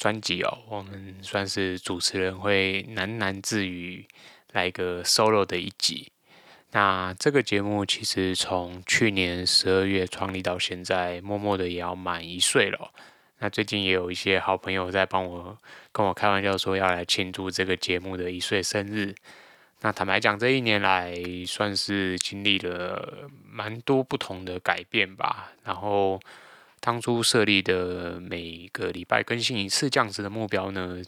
專輯哦，我們算是主持人會喃喃自語，來個 solo 的一集。那這個節目其實從去年十二月創立到現在，默默的也要滿一歲了。那最近也有一些好朋友在幫我跟我開玩笑說要來慶祝這個節目的一歲生日。那坦白講，這一年來算是經歷了蠻多不同的改變吧，然後。當初設立的每個禮拜更新一次這樣子的目標呢，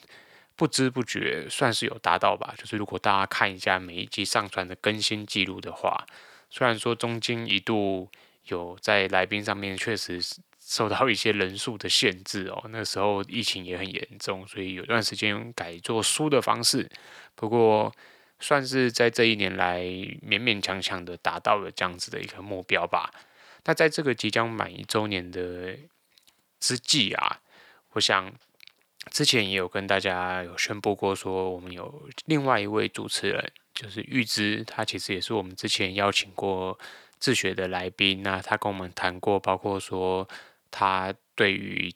不知不覺算是有達到吧。就是如果大家看一下每一集上傳的更新記錄的話，雖然說中間一度有在來賓上面確實受到一些人數的限制哦，那時候疫情也很嚴重，所以有段時間改做書的方式。不過算是在這一年來勉勉強強的達到了這樣子的一個目標吧。那在這個即將滿一周年的之際啊，我想之前也有跟大家有宣布過，說我們有另外一位主持人，就是喻之，他其實也是我們之前邀請過自學的來賓。那他跟我們談過，包括說他對於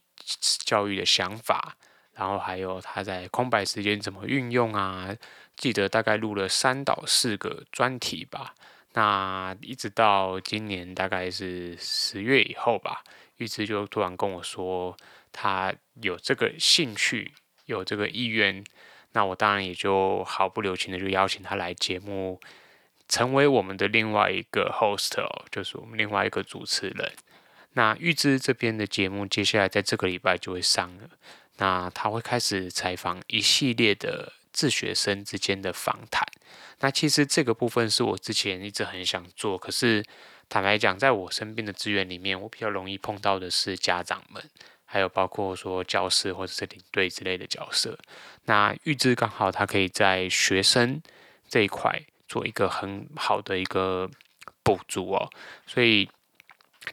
教育的想法，然後還有他在空白時間怎麼運用啊，記得大概錄了三到四個專題吧。那一直到今年大概是十月以後吧，喻之就突然跟我說，他有這個興趣，有這個意願，那我當然也就毫不留情的就邀請他來節目，成為我們的另外一個 host 哦，就是我們另外一個主持人。那喻之這邊的節目接下來在這個禮拜就會上了，那他會開始採訪一系列的。自學生之間的訪談，那其實這個部分是我之前一直很想做，可是坦白講，在我身邊的資源裡面，我比較容易碰到的是家長們，還有包括說教師或者是領隊之類的角色。那喻之剛好他可以在學生這一塊做一個很好的一個補足哦，所以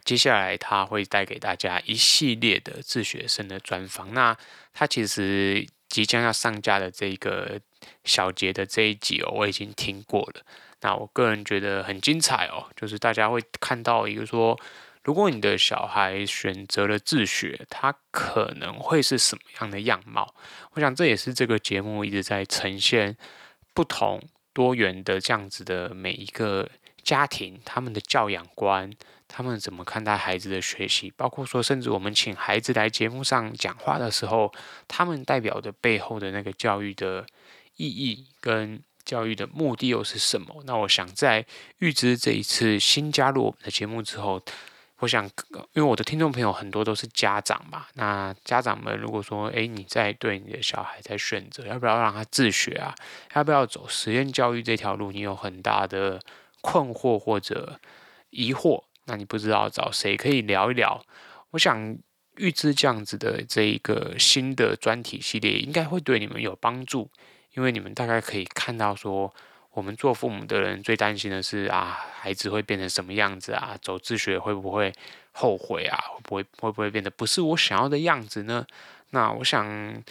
接下來他會帶給大家一系列的自學生的專訪。那他其實。即將要上架的這個小節的這一集哦，我已經聽過了。那我個人覺得很精彩哦，就是大家會看到，一個說，如果你的小孩選擇了自學，他可能會是什麼樣的樣貌？我想這也是這個節目一直在呈現不同多元的這樣子的每一個家庭，他們的教養觀。他們怎麼看待孩子的學習？包括說，甚至我們請孩子來節目上講話的時候，他們代表的背後的那個教育的意義跟教育的目的又是什麼？那我想在喻之這一次新加入我們的節目之後，我想，因為我的聽眾朋友很多都是家長嘛，那家長們如果說，哎、欸，你在對你的小孩在選擇要不要讓他自學啊，要不要走實驗教育這條路，你有很大的困惑或者疑惑，那你不知道找誰可以聊一聊？我想預知這樣子的這一個新的專題系列，應該會對你們有幫助，因為你們大概可以看到說，我們做父母的人最擔心的是啊，孩子會變成什麼樣子啊？走自學會不會後悔啊？會不會會不會變得不是我想要的樣子呢？那我想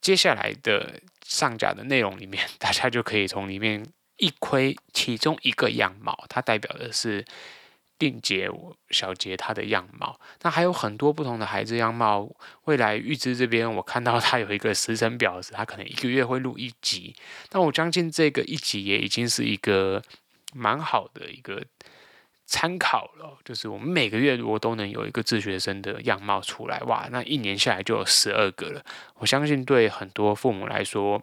接下來的上架的內容裡面，大家就可以從裡面一窺其中一個樣貌，它代表的是。定傑，我小杰他的樣貌，那還有很多不同的孩子樣貌。未來喻之這邊，我看到他有一個時程表示，他可能一個月會錄一集。那我相信這個一集也已經是一個蠻好的一個參考了喔。就是我們每個月如果都能有一個自學生的樣貌出來，哇，那一年下來就有十二個了。我相信對很多父母來說，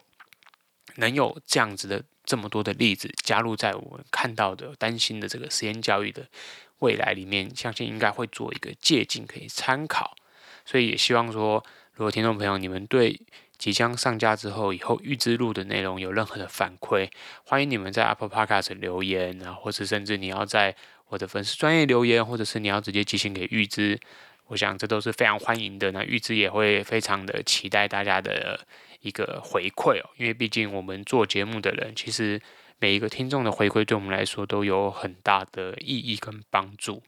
能有這樣子的這麼多的例子加入在我們看到的擔心的這個實驗教育的。未來裡面，相信應該會做一個借鑑，可以參考。所以也希望說，如果聽眾朋友你們對即將上架之後，以後喻之錄的內容有任何的反饋，歡迎你們在 Apple Podcast 留言，然後或者甚至你要在我的粉絲專頁留言，或者是你要直接寄信給喻之，我想這都是非常歡迎的。那喻之也會非常的期待大家的一個回饋哦，因為畢竟我們做節目的人其實。每一個聽眾的回饋對我們來說都有很大的意義跟幫助。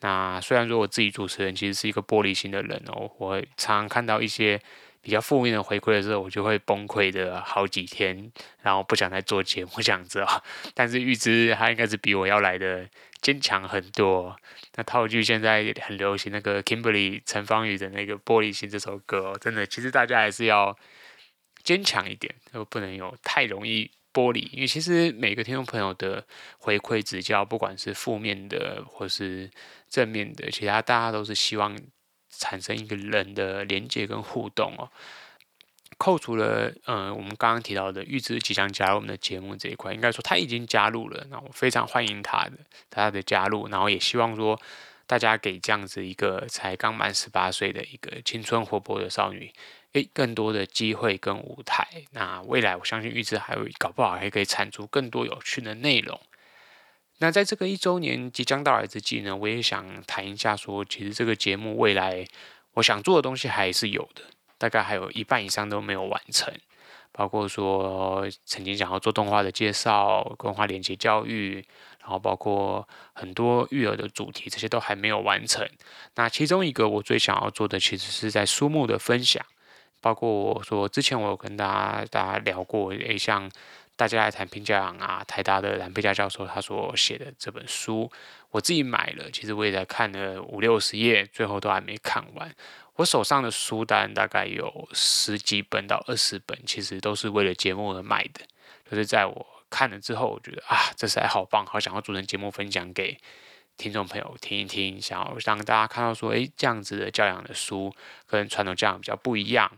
那雖然說我自己主持人其實是一個玻璃心的人哦，我常常看到一些比較負面的回饋的時候，我就會崩潰的好幾天，然後不想再做節目這樣子啊。但是喻之她應該是比我要來的堅強很多哦。那套句現在也很流行，那個 Kimberly 陳芳語的那個玻璃心這首歌哦，真的其實大家還是要堅強一點，就不能有太容易玻璃，因為其實每個聽眾朋友的回饋指教，不管是負面的或是正面的，其他大家都是希望產生一個人的連接跟互動哦。扣除了嗯、呃，我們剛剛提到的喻之即將加入我們的節目這一塊，應該說他已經加入了，那我非常歡迎他的他的加入，然後也希望說大家給這樣子一個才剛滿十八歲的一個青春活潑的少女，誒更多的機會跟舞台。那未來，我相信喻之還有搞不好還可以產出更多有趣的內容。那在這個一週年即將到來之際呢，我也想談一下說，說其實這個節目未來我想做的東西還是有的，大概還有一半以上都沒有完成。包括說曾經想要做動畫的介紹、動畫連接教育，然後包括很多育兒的主題，這些都還沒有完成。那其中一個我最想要做的，其實是在書目的分享。包括我說之前，我有跟大家大家聊過，哎，像大家來談拚教養啊，台大的藍佩嘉教授他所寫的這本書，我自己買了，其實我也在看了五六十頁，最後都還沒看完。我手上的書單大概有十幾本到二十本，其實都是為了節目而買的。就是在我看了之後，我覺得啊，這還好棒，好想要做成節目分享給聽眾朋友聽一聽，想要讓大家看到說，哎，這樣子的教養的書跟傳統教養比較不一樣。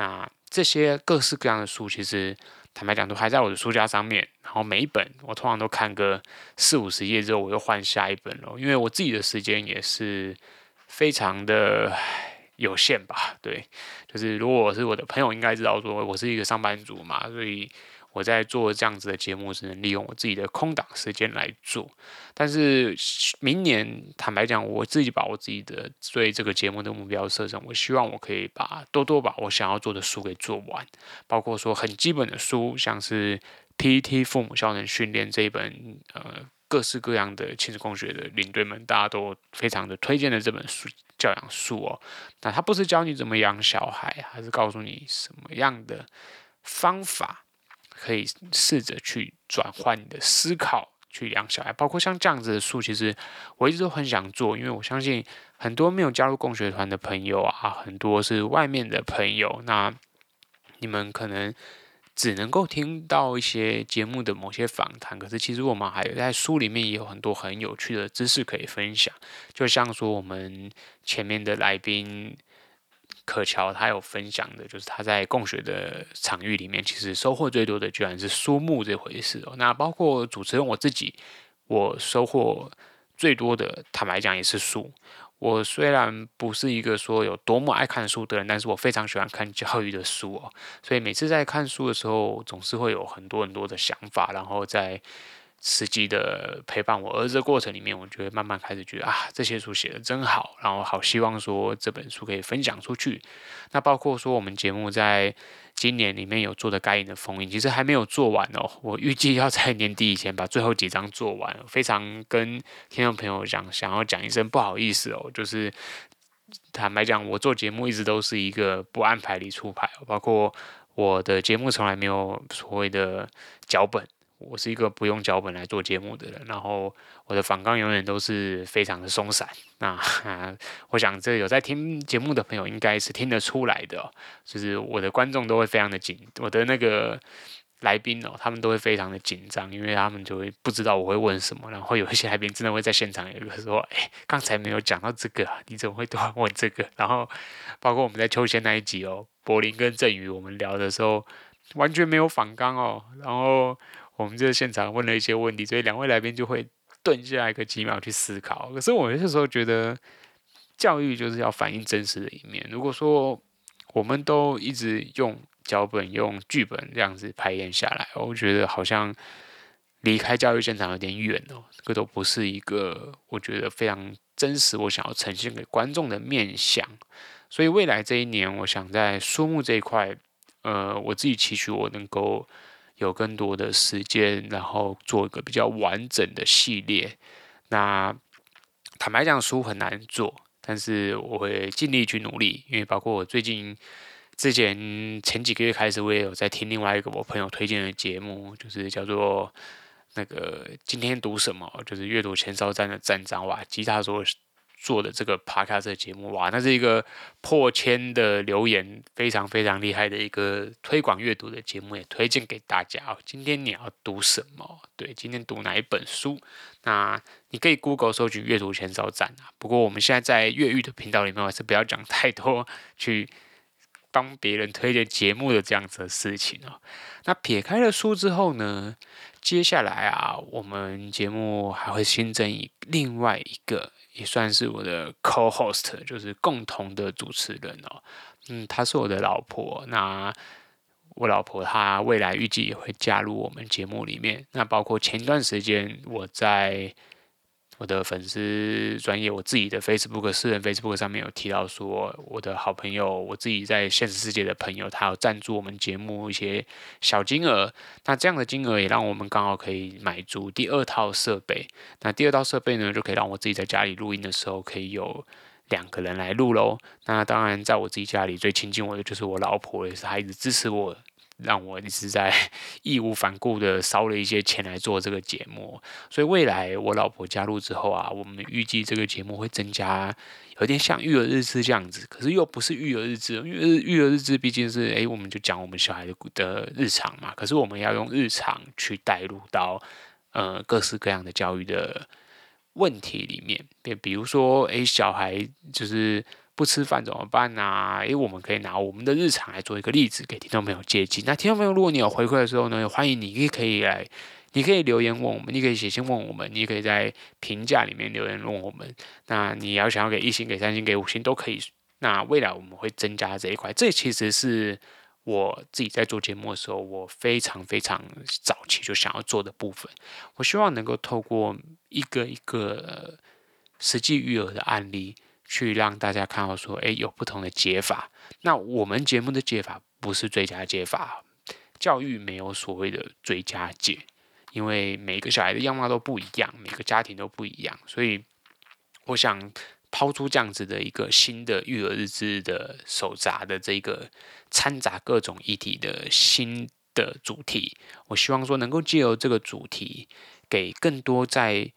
那這些各式各樣的書，其實坦白講，都還在我的書架上面。然後每一本，我通常都看個四五十頁之後，我又換下一本嘍。因為我自己的時間也是非常的有限吧。對，就是如果我是我的朋友，應該知道說，我是一個上班族嘛，所以。我在做這樣子的節目只能利用我自己的空檔時間來做。但是明年，坦白講，我自己把我自己的對這個節目的目標設成：我希望我可以把多多把我想要做的書給做完，包括說很基本的書，像是《PET 父母效能訓練》這一本，呃，各式各樣的親子共學的領隊們大家都非常的推薦的這本書《教養書》哦。那他不是教你怎麼養小孩，他是告訴你什麼樣的方法。可以試着去轉換你的思考，去養小孩。包括像這樣子的書，其實我一直都很想做，因為我相信很多沒有加入共學團的朋友啊，很多是外面的朋友，那你們可能只能夠聽到一些節目的某些訪談，可是其實我們還有在書裡面也有很多很有趣的知識可以分享。就像說我們前面的來賓。可喬他有分享的，就是他在共學的場域裡面，其實收穫最多的居然是書目這回事哦。那包括主持人我自己，我收穫最多的，坦白講也是書。我雖然不是一個說有多麼愛看書的人，但是我非常喜歡看教育的書哦。所以每次在看書的時候，總是會有很多很多的想法，然後在。實際的陪伴我兒子的過程裡面，我就會慢慢開始覺得啊，這些書寫得真好，然後好希望說這本書可以分享出去。那包括說我們節目在今年裡面有做的《該隱的封印》，其實還沒有做完哦。我預計要在年底以前把最後幾章做完。非常跟聽眾朋友講，想要講一聲不好意思哦。就是坦白講，我做節目一直都是一個不按牌理出牌，包括我的節目從來沒有所謂的腳本。我是一個不用腳本來做節目的人，然後我的訪綱永遠都是非常的鬆散。那、啊、我想，這有在聽節目的朋友應該是聽得出來的、喔，就是我的觀眾都會非常的緊，我的那個來賓哦、喔，他們都會非常的緊張，因為他們就會不知道我會問什麼。然後有一些來賓真的會在現場有個說：“哎、欸，剛才沒有講到這個，你怎麼會突然問這個？”然後包括我們在秋千那一集哦、喔，柏林跟鄭宇我們聊的時候完全沒有訪綱哦，然後。我們就在現場問了一些問題，所以兩位來賓就會頓下一個幾秒去思考。可是我有時候覺得，教育就是要反映真實的一面。如果說我們都一直用腳本、用劇本這樣子排演下來，我覺得好像離開教育現場有點遠哦。這、那個都不是一個我覺得非常真實，我想要呈現給觀眾的面相。所以未來這一年，我想在書目這一塊，呃，我自己期許我能夠。有更多的時間，然後做一個比較完整的系列。那坦白講，書很難做，但是我會盡力去努力，因為包括我最近之前前幾個月開始，我也有在聽另外一個我朋友推薦的節目，就是叫做那個今天讀什麼，就是閱讀前哨站的站長瓦基他說做的這個 podcast 的節目，哇，那是一個破千的留言，非常非常厲害的一個推廣閱讀的節目，也推薦給大家哦。今天你要讀什麼？對，今天讀哪一本書？那你可以 Google 蒐集閱讀前哨站啊。不過我們現在在越育的頻道裡面，還是不要講太多去。幫別人推薦節目的這樣子的事情哦。那撇開了書之後呢，接下來啊，我們節目還會新增一另外一個，也算是我的 co-host，就是共同的主持人哦。嗯，她是我的老婆，那我老婆她未來預計也會加入我們節目裡面。那包括前段時間我在。我的粉絲專頁，我自己的 Facebook 私人 Facebook 上面有提到說，我的好朋友，我自己在現實世界的朋友，他有贊助我們節目一些小金額。那這樣的金額也讓我們剛好可以買足第二套設備。那第二套設備呢，就可以讓我自己在家裡錄音的時候可以有兩個人來錄嘍。那當然，在我自己家裡最親近我的就是我老婆，也是她一直支持我。讓我一直在義無反顧的燒了一些錢來做這個節目，所以未來我老婆加入之後啊，我們預計這個節目會增加有點像育兒日誌這樣子，可是又不是育兒日誌，因為育兒日誌畢竟是誒、欸，我們就講我們小孩的日常嘛，可是我們要用日常去帶入到呃各式各樣的教育的問題裡面，比如說誒、欸，小孩就是。不吃飯怎麼辦呢、啊？因為我們可以拿我們的日常來做一個例子，給聽眾朋友借鑑。那聽眾朋友，如果你有回饋的時候呢，也歡迎你可以來，你可以留言問我們，你可以寫信問我們，你可以在評價裡面留言問我們。那你要想要給一星、給三星、給五星都可以。那未來我們會增加這一塊。這其實是我自己在做節目的時候，我非常非常早期就想要做的部分。我希望能夠透過一個一個、呃、實際育兒的案例。去讓大家看到說，誒、欸、有不同的解法。那我們節目的解法不是最佳解法，教育沒有所謂的最佳解，因為每個小孩的樣貌都不一樣，每個家庭都不一樣。所以，我想拋出這樣子的一個新的育兒日誌的手札的這個摻雜各種議題的新的主題。我希望說能夠借由這個主題，給更多在。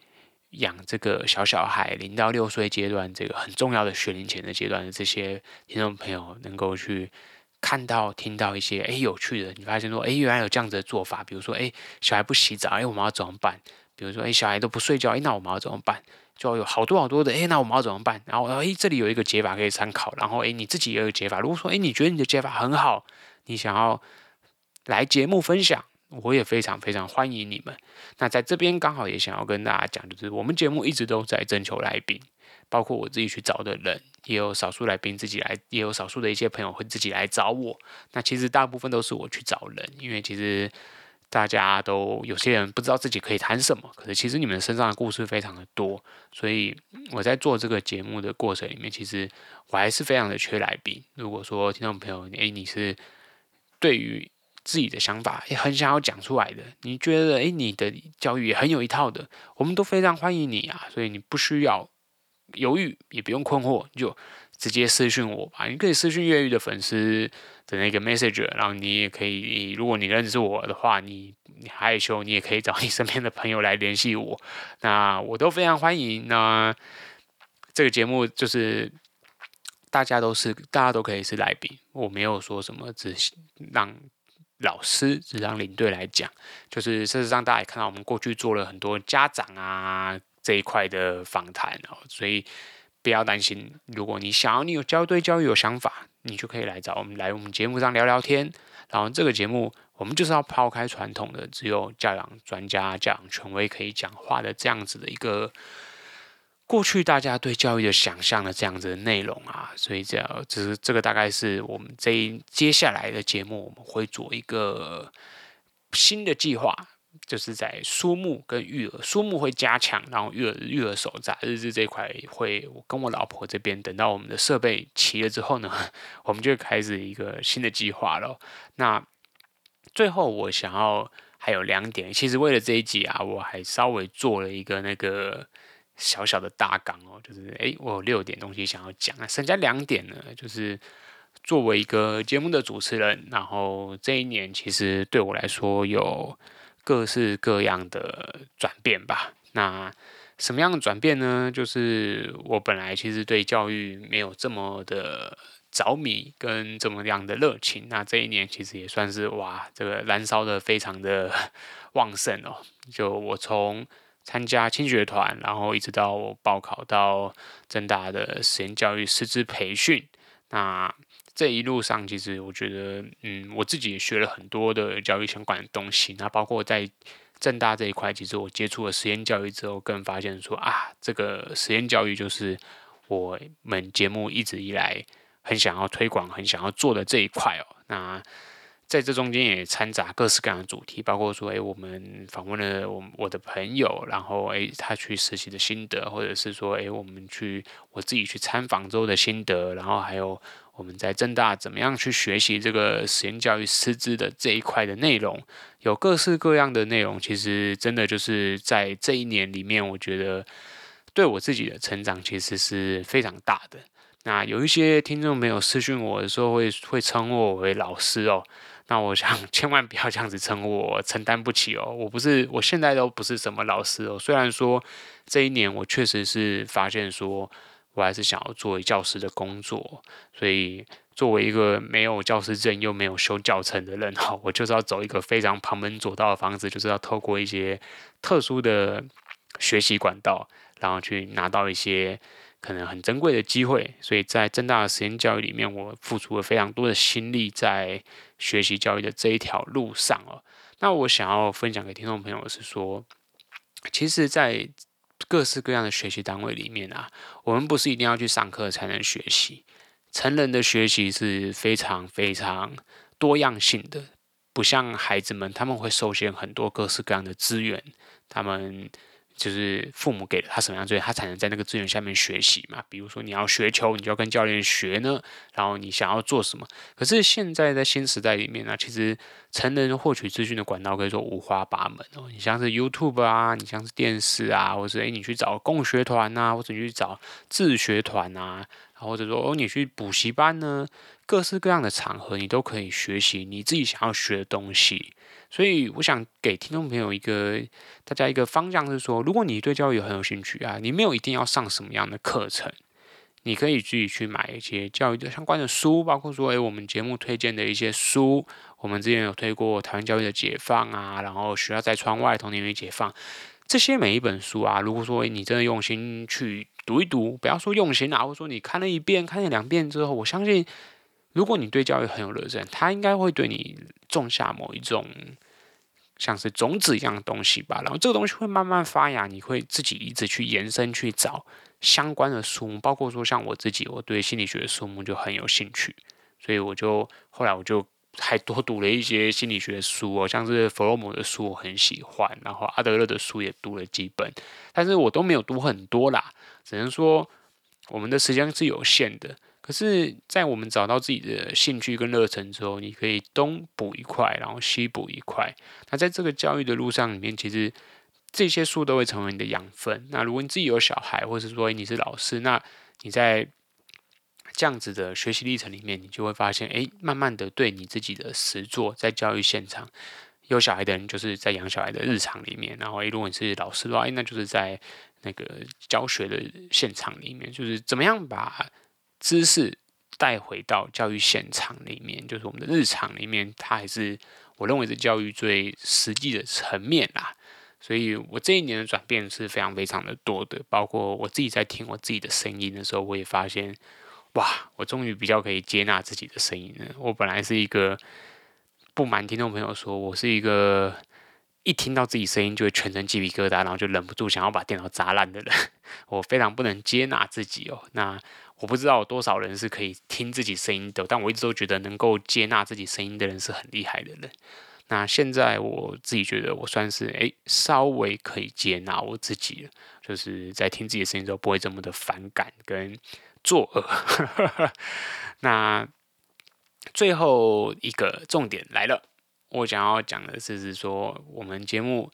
養這個小小孩，零到六歲階段這個很重要的學齡前的階段的這些聽眾朋友，能夠去看到、聽到一些哎有趣的，你發現說哎原來有這樣子的做法，比如說哎小孩不洗澡，哎我們要怎麼辦？比如說哎小孩都不睡覺，哎那我們要怎麼辦？就有好多好多的哎那我們要怎麼辦？然後哎這裡有一個解法可以參考，然後哎你自己也有一個解法，如果說哎你覺得你的解法很好，你想要來節目分享。我也非常非常歡迎你們。那在這邊剛好也想要跟大家講，就是我們節目一直都在徵求來賓，包括我自己去找的人，也有少數來賓自己來，也有少數的一些朋友會自己來找我。那其實大部分都是我去找人，因為其實大家都有些人不知道自己可以談什麼，可是其實你們身上的故事非常的多，所以我在做這個節目的過程裡面，其實我還是非常的缺來賓。如果說聽眾朋友，誒、欸，你是對於。自己的想法也很想要講出來的，你覺得誒、欸，你的教育也很有一套的，我們都非常歡迎你啊，所以你不需要猶豫，也不用困惑，你就直接私訊我吧。你可以私訊越育的粉絲的那個 message，然後你也可以，如果你認識我的話，你你害羞，你也可以找你身邊的朋友來聯繫我，那我都非常歡迎。那這個節目就是大家都是，大家都可以是來賓，我沒有說什麼，只是讓。老師，這張領隊來講，就是事實上大家也看到，我們過去做了很多家長啊這一塊的訪談哦，所以不要擔心，如果你想要，你有教對教育有想法，你就可以來找我們，來我們節目上聊聊天。然後這個節目，我們就是要拋開傳統的只有教養專家、教養權威可以講話的這樣子的一個。過去大家對教育的想象的這樣子的內容啊，所以這隻、就是這個大概是我們這一接下來的節目，我們會做一個新的計劃，就是在書目跟育兒，書目會加強，然後育兒育兒手札日誌這一塊，會我跟我老婆這邊等到我們的設備齊了之後呢，我們就開始一個新的計劃了。那最後我想要還有兩點，其實為了這一集啊，我還稍微做了一個那個。小小的大綱哦，就是誒、欸，我有六點東西想要講，剩下兩點呢，就是作為一個節目的主持人，然後這一年其實對我來說有各式各樣的轉變吧。那什麼樣的轉變呢？就是我本來其實對教育沒有這麼的着迷，跟這麼樣的熱情。那這一年其實也算是哇，這個燃燒得非常的旺盛哦、喔。就我從參加青學團，然後一直到我報考到政大的實驗教育師資培訓，那這一路上其實我覺得，嗯，我自己也學了很多的教育相關的東西。那包括在政大這一塊，其實我接觸了實驗教育之後，更發現說啊，這個實驗教育就是我們節目一直以來很想要推廣、很想要做的這一塊哦。那在這中間也摻雜各式各樣的主題，包括說，誒我們訪問了我我的朋友，然後誒他去實習的心得，或者是說，誒我們去我自己去參訪之後的心得，然後還有我們在政大怎麼樣去學習這個實驗教育師資的這一塊的內容，有各式各樣的內容。其實真的就是在這一年裡面，我覺得對我自己的成長其實是非常大的。那有一些聽眾朋友私訊我的時候會，會會稱我，我為老師哦。那我想，千萬不要這樣子稱我，我承擔不起哦。我不是，我現在都不是什麼老師哦。雖然說這一年我確實是發現，說我還是想要做教師的工作，所以作為一個沒有教師證又沒有修教程的人哈，我就是要走一個非常旁門左道的方式，就是要透過一些特殊的學習管道，然後去拿到一些。可能很珍貴的機會，所以在政大的時間教育裡面，我付出了非常多的心力在學習教育的這一條路上哦。那我想要分享給聽眾朋友的是說，其實，在各式各樣的學習單位裡面啊，我們不是一定要去上課才能學習。成人的學習是非常非常多樣性的，不像孩子們，他們會受限很多各式各樣的資源，他們。就是父母給了他什麼樣的資源，他才能在那個資源下面學習嘛？比如說你要學球，你就要跟教練學呢。然後你想要做什麼？可是現在在新時代裡面呢、啊，其實成人獲取資訊的管道可以說五花八門哦。你像是 YouTube 啊，你像是電視啊，或者誒、欸，你去找共學團吶、啊，或者你去找自學團吶、啊，然後或者說、哦、你去補習班呢，各式各樣的場合你都可以學習你自己想要學的東西。所以我想給聽眾朋友一個大家一個方向，是說，如果你對教育很有興趣啊，你沒有一定要上什麼樣的課程，你可以自己去買一些教育的相關的書，包括說，誒、欸，我們節目推薦的一些書，我們之前有推過《台灣教育的解放》啊，然後《學校在窗外：童年與解放》，這些每一本書啊，如果說你真的用心去讀一讀，不要說用心啊，或者說你看了一遍、看了兩遍之後，我相信。如果你對教育很有熱忱，他應該會對你種下某一種像是種子一樣的東西吧。然後這個東西會慢慢發芽，你會自己一直去延伸去找相關的書目，包括說像我自己，我對心理學的書目就很有興趣，所以我就後來我就還多讀了一些心理學的書哦，像是弗洛姆的書我很喜歡，然後阿德勒的書也讀了幾本，但是我都沒有讀很多啦，只能說我們的時間是有限的。可是，在我們找到自己的興趣跟熱忱之後，你可以東補一塊，然後西補一塊。那在這個教育的路上裡面，其實這些書都會成為你的養分。那如果你自己有小孩，或者是說，你是老師，那你在這樣子的學習歷程裡面，你就會發現，哎，欸，慢慢的對你自己的實作，在教育現場有小孩的人，就是在養小孩的日常裡面；然後，欸，如果你是老師的話，欸，那就是在那個教學的現場裡面，就是怎麼樣把。知識帶回到教育現場裡面，就是我們的日常裡面，它還是我認為是教育最實際的層面啦。所以我這一年的轉變是非常非常的多的，包括我自己在聽我自己的聲音的時候，我也發現，哇，我終於比較可以接納自己的聲音了。我本來是一個不，不瞞聽眾朋友說，說我是一個。一聽到自己聲音就會全身雞皮疙瘩，然後就忍不住想要把電腦砸爛的人， 我非常不能接納自己哦。那我不知道有多少人是可以聽自己聲音的，但我一直都覺得能夠接納自己聲音的人是很厲害的人。那現在我自己覺得我算是哎、欸，稍微可以接納我自己了，就是在聽自己的聲音之後不會這麼的反感跟作嘔。 那最後一個重點來了。我想要講的是，是說我們節目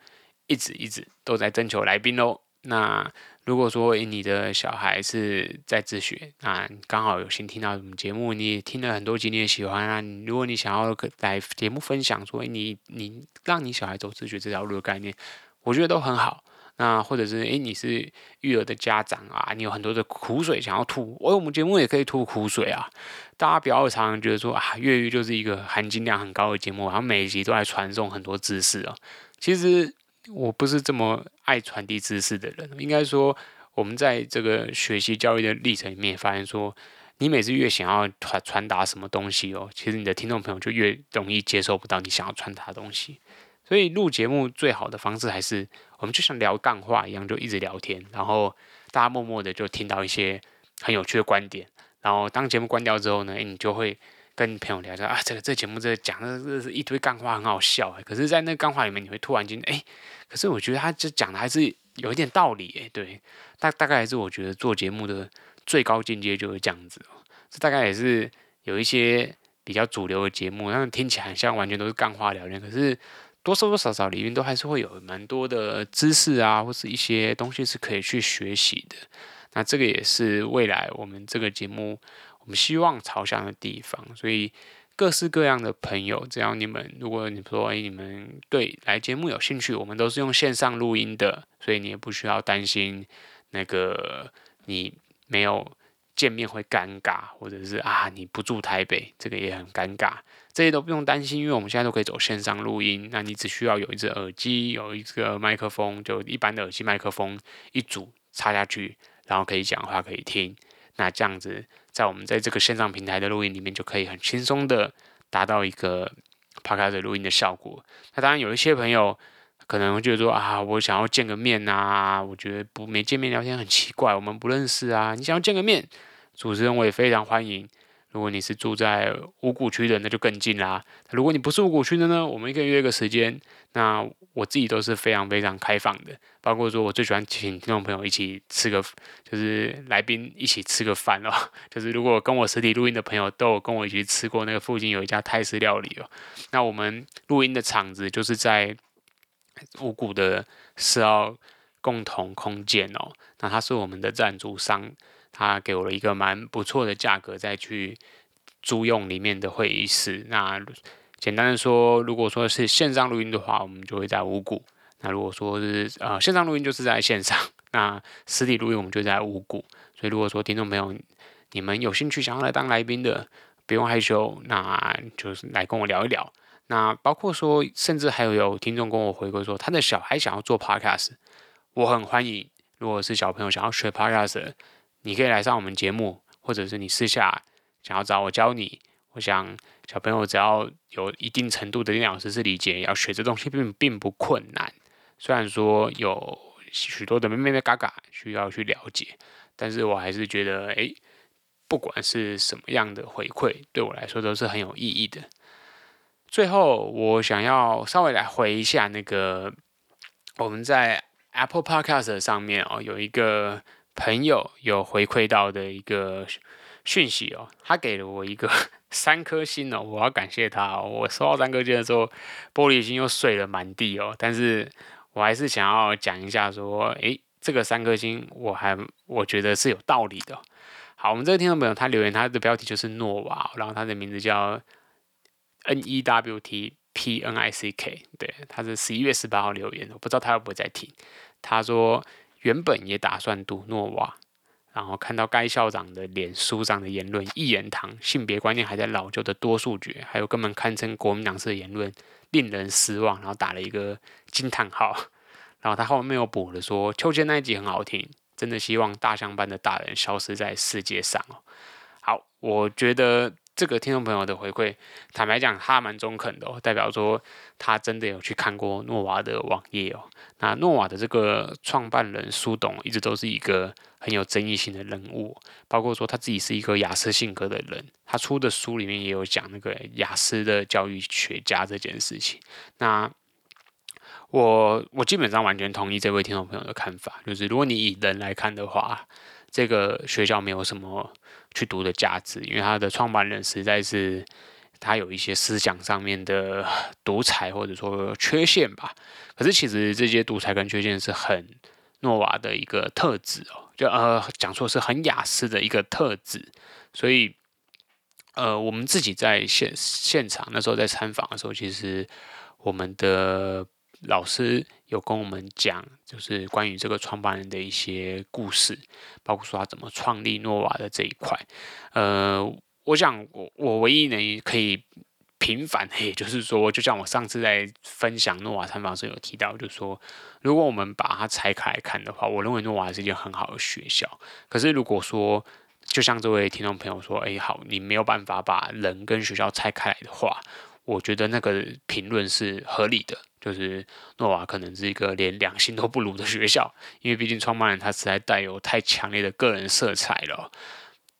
一直一直都在徵求來賓哦。那如果說你的小孩是在自學啊，剛好有幸聽到我們節目，你也聽了很多集，你也喜歡啊。如果你想要來節目分享，所以你你讓你小孩走自學這條路的概念，我覺得都很好。那或者是誒、欸，你是育兒的家長啊，你有很多的苦水想要吐，有、哎、我們節目也可以吐苦水啊。大家比較常常覺得說啊，越育就是一個含金量很高的節目，然後每一集都在傳送很多知識哦，其實我不是這麼愛傳遞知識的人，應該說我們在這個學習教育的歷程裡面，發現說你每次越想要傳傳達什麼東西哦，其實你的聽眾朋友就越容易接受不到你想要傳達的東西。所以錄節目最好的方式還是我們就像聊幹話一樣，就一直聊天，然後大家默默的就聽到一些很有趣的觀點。然後當節目關掉之後呢，欸，你就會跟朋友聊說啊，這個這節目這講的是一堆幹話，很好笑欸。可是，在那個幹話裡面，你會突然間欸，可是我覺得他就講的還是有一點道理誒。對，大大概還是我覺得做節目的最高境界就是這樣子喔。這大概也是有一些比較主流的節目，那聽起來像完全都是幹話聊天，可是。多多少少，裡面都還是會有蠻多的知識啊，或是一些東西是可以去學習的。那這個也是未來我們這個節目，我們希望朝向的地方。所以，各式各樣的朋友，只要你們，如果你說誒、欸、你們對來節目有興趣，我們都是用線上錄音的，所以你也不需要擔心那個你沒有。見面會尷尬，或者是啊，你不住台北，這個也很尷尬。這些都不用擔心，因為我們現在都可以走線上錄音。那你只需要有一只耳機，有一個麥克風，就一般的耳機麥克風一組插下去，然後可以講話，可以聽。那這樣子，在我們在這個線上平台的錄音裡面，就可以很輕鬆的達到一個拍 o 的錄音的效果。那當然，有一些朋友可能就說啊，我想要見個面啊，我覺得不沒見面聊天很奇怪，我們不認識啊，你想要見個面。主持人我也非常歡迎。如果你是住在五股區的，那就更近啦。如果你不是五股區的呢，我們一個月約個時間。那我自己都是非常非常開放的，包括說我最喜歡請聽眾朋友一起吃個，就是來賓一起吃個飯哦。就是如果跟我實體錄音的朋友，都有跟我一起吃過，那個附近有一家泰式料理哦。那我們錄音的場子就是在五股的四號共同空間哦。那它是我們的贊助商。他給我了一個蠻不錯的價格，再去租用裡面的會議室。那簡單的說，如果說是線上錄音的話，我們就會在五谷；那如果說是呃線上錄音，就是在線上；那實體錄音，我們就在五谷。所以，如果說聽眾朋友你們有興趣想要來當來賓的，不用害羞，那就是來跟我聊一聊。那包括說，甚至還有有聽眾跟我回饋，說，他的小孩想要做 podcast，我很歡迎。如果是小朋友想要學 podcast，你可以來上我們節目，或者是你私下想要找我教你。我想小朋友只要有一定程度的電腦知識理解，要學這東西並並不困難。雖然說有許多的眉眉角角需要去了解，但是我還是覺得，哎，不管是什麼樣的回饋，對我來說都是很有意義的。最後，我想要稍微來回一下那個我們在 Apple Podcast 上面哦，有一個。朋友有回饋到的一個訊息哦，他給了我一個三顆星哦，我要感謝他哦。我收到三顆星的時候，玻璃心又碎了滿地哦。但是我還是想要講一下說，誒，這個三顆星我還我覺得是有道理的。好，我們這個聽眾朋友他留言，他的標題就是諾娃，然後他的名字叫 N E W T P N I C K，對，他是十一月十八號留言，我不知道他會不會在聽。他說，原本也打算讀諾瓦，然後看到該校長的臉書上的言論，一言堂，性別觀念還在老舊的多數決，還有根本堪稱國民黨式的言論，令人失望。然後打了一個驚嘆號，然後他後面又補了說：“秋千那一集很好聽，真的希望大象般的大人消失在世界上哦。”好，我覺得。這個聽眾朋友的回饋，坦白講，他蠻中肯的哦，代表說他真的有去看過諾瓦的網頁哦。那諾瓦的這個創辦人蘇董，一直都是一個很有爭議性的人物，包括說他自己是一個亞斯性格的人，他出的書裡面也有講那個亞斯的教育學家這件事情。那我我基本上完全同意這位聽眾朋友的看法，就是如果你以人來看的話，這個學校沒有什麼。去讀的價值，因為他的創辦人實在是他有一些思想上面的獨裁，或者說缺陷吧。可是其實這些獨裁跟缺陷是很諾瓦的一個特質哦，就呃講說，是很雅思的一個特質。所以呃，我們自己在現現場那時候在參訪的時候，其實我們的老師，有跟我們講，就是關於這個創辦人的一些故事，包括說他怎麼創立諾瓦的這一塊。呃，我想我我唯一能以可以平反的，也就是說，就像我上次在分享諾瓦參訪時有提到，就是說，如果我們把它拆開來看的話，我認為諾瓦是一間很好的學校。可是如果說，就像這位聽眾朋友說，哎、欸，好，你沒有辦法把人跟學校拆開來的話，我覺得那個評論是合理的。就是諾瓦可能是一個連良心都不如的學校，因為畢竟創辦人他實在帶有太強烈的個人色彩了哦。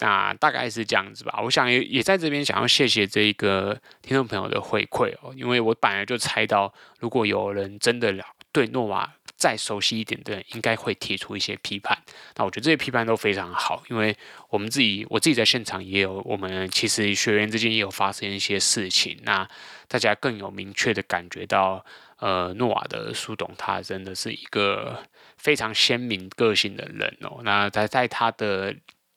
那大概是這樣子吧。我想也在這邊想要謝謝這一個聽眾朋友的回饋哦，因為我本來就猜到，如果有人真的對諾瓦再熟悉一點的人，應該會提出一些批判。那我覺得這些批判都非常好，因為我們自己，我自己在現場也有，我們其實學員之間也有發生一些事情，那大家更有明確的感覺到。呃，諾瓦的蘇董，他真的是一個非常鮮明個性的人哦。那他在他的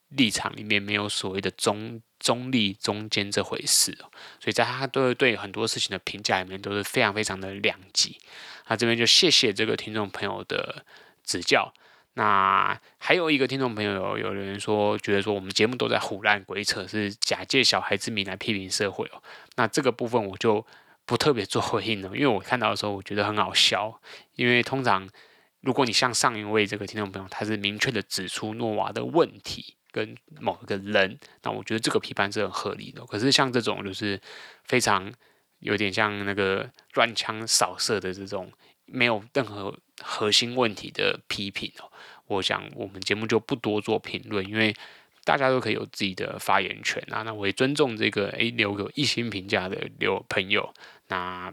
立場裡面，沒有所謂的中中立、中間這回事哦。所以在他對對很多事情的評價裡面，都是非常非常的兩極。那這邊就謝謝這個聽眾朋友的指教。那還有一個聽眾朋友有有人說，覺得說我們節目都在胡亂鬼扯，是假借小孩之名來批評社會哦。那這個部分我就。不特別做回應哦，因為我看到的時候，我覺得很好笑。因為通常，如果你像上一位這個聽眾朋友，他是明確的指出諾瓦的問題跟某一個人，那我覺得這個批判是很合理的。可是像這種就是非常有點像那個亂槍掃射的這種沒有任何核心問題的批評哦，我想我們節目就不多做評論，因為。大家都可以有自己的發言權啊！那我也尊重這個哎、欸，留個一星評價的留朋友。那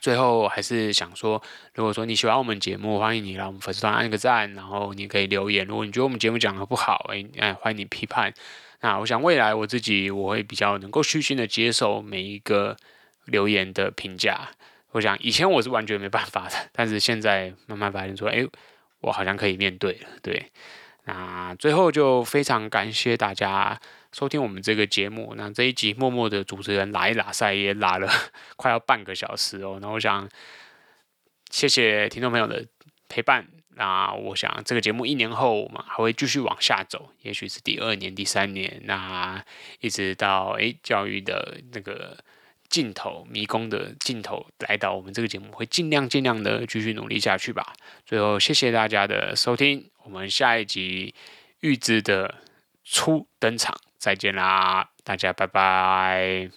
最後還是想說，如果說你喜歡我們節目，歡迎你來我們粉絲團按個讚，然後你可以留言。如果你覺得我們節目講得不好，哎、欸欸，歡迎你批判。那我想未來我自己我會比較能夠虛心的接受每一個留言的評價。我想以前我是完全沒辦法的，但是現在慢慢發現說，哎、欸，我好像可以面對了。對。那最後就非常感謝大家收聽我們這個節目。那這一集默默的主持人拉一拉賽也拉了快要半個小時哦。那我想謝謝聽眾朋友的陪伴。那我想這個節目一年後我們還會繼續往下走，也許是第二年、第三年，那一直到誒、欸、教育的那個盡頭、迷宮的盡頭，來到我們這個節目會盡量盡量的繼續努力下去吧。最後謝謝大家的收聽。我們下一集喻之的初登場，再見啦，大家拜拜。